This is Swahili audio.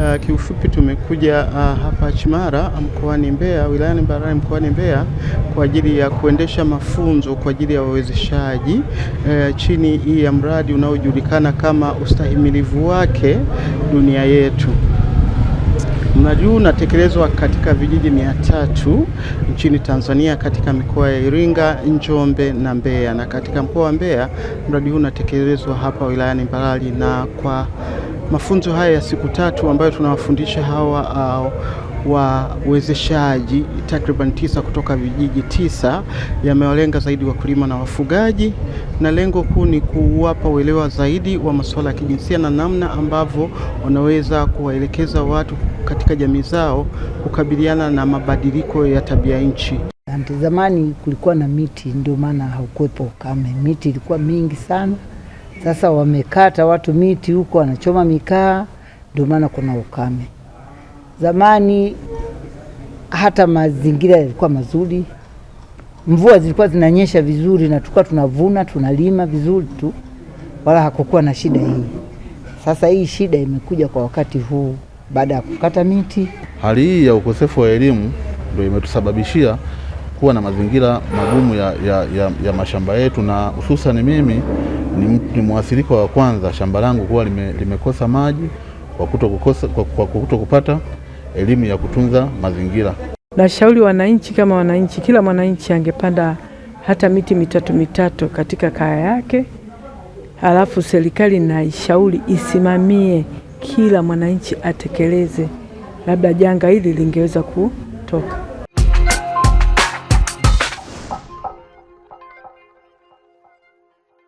Uh, kiufupi tumekuja uh, hapa Chimara mkoani Mbeya wilayani Mbarali mkoani Mbeya kwa ajili ya kuendesha mafunzo kwa ajili ya wawezeshaji uh, chini ya mradi unaojulikana kama Ustahimilivu Wake Dunia Yetu. Mradi huu unatekelezwa katika vijiji mia tatu nchini Tanzania katika mikoa ya Iringa, Njombe na Mbeya, na katika mkoa wa Mbeya mradi huu unatekelezwa hapa wilayani Mbarali na kwa Mafunzo haya ya siku tatu ambayo tunawafundisha hawa uh, wawezeshaji takriban tisa kutoka vijiji tisa yamewalenga zaidi wakulima na wafugaji, na lengo kuu ni kuwapa uelewa zaidi wa masuala ya kijinsia na namna ambavyo wanaweza kuwaelekeza watu katika jamii zao kukabiliana na mabadiliko ya tabia nchi. Zamani kulikuwa na miti, ndio maana haukuwepo ukame. Miti ilikuwa mingi sana. Sasa wamekata watu miti huko, wanachoma mikaa, ndio maana kuna ukame. Zamani hata mazingira yalikuwa mazuri, mvua zilikuwa zinanyesha vizuri, na tulikuwa tunavuna tunalima vizuri tu, wala hakukuwa na shida hii. Sasa hii shida imekuja kwa wakati huu baada ya kukata miti. Hali hii ya ukosefu wa elimu ndio imetusababishia kuwa na mazingira magumu ya, ya, ya, ya mashamba yetu na hususani mimi ni, ni mwathirika wa kwanza shamba langu kuwa lime, limekosa maji kwa kuto kukosa, kwa kuto kupata elimu ya kutunza mazingira. Nashauri wananchi kama wananchi, kila mwananchi angepanda hata miti mitatu mitatu katika kaya yake, halafu serikali naishauri isimamie kila mwananchi atekeleze, labda janga hili lingeweza kutoka.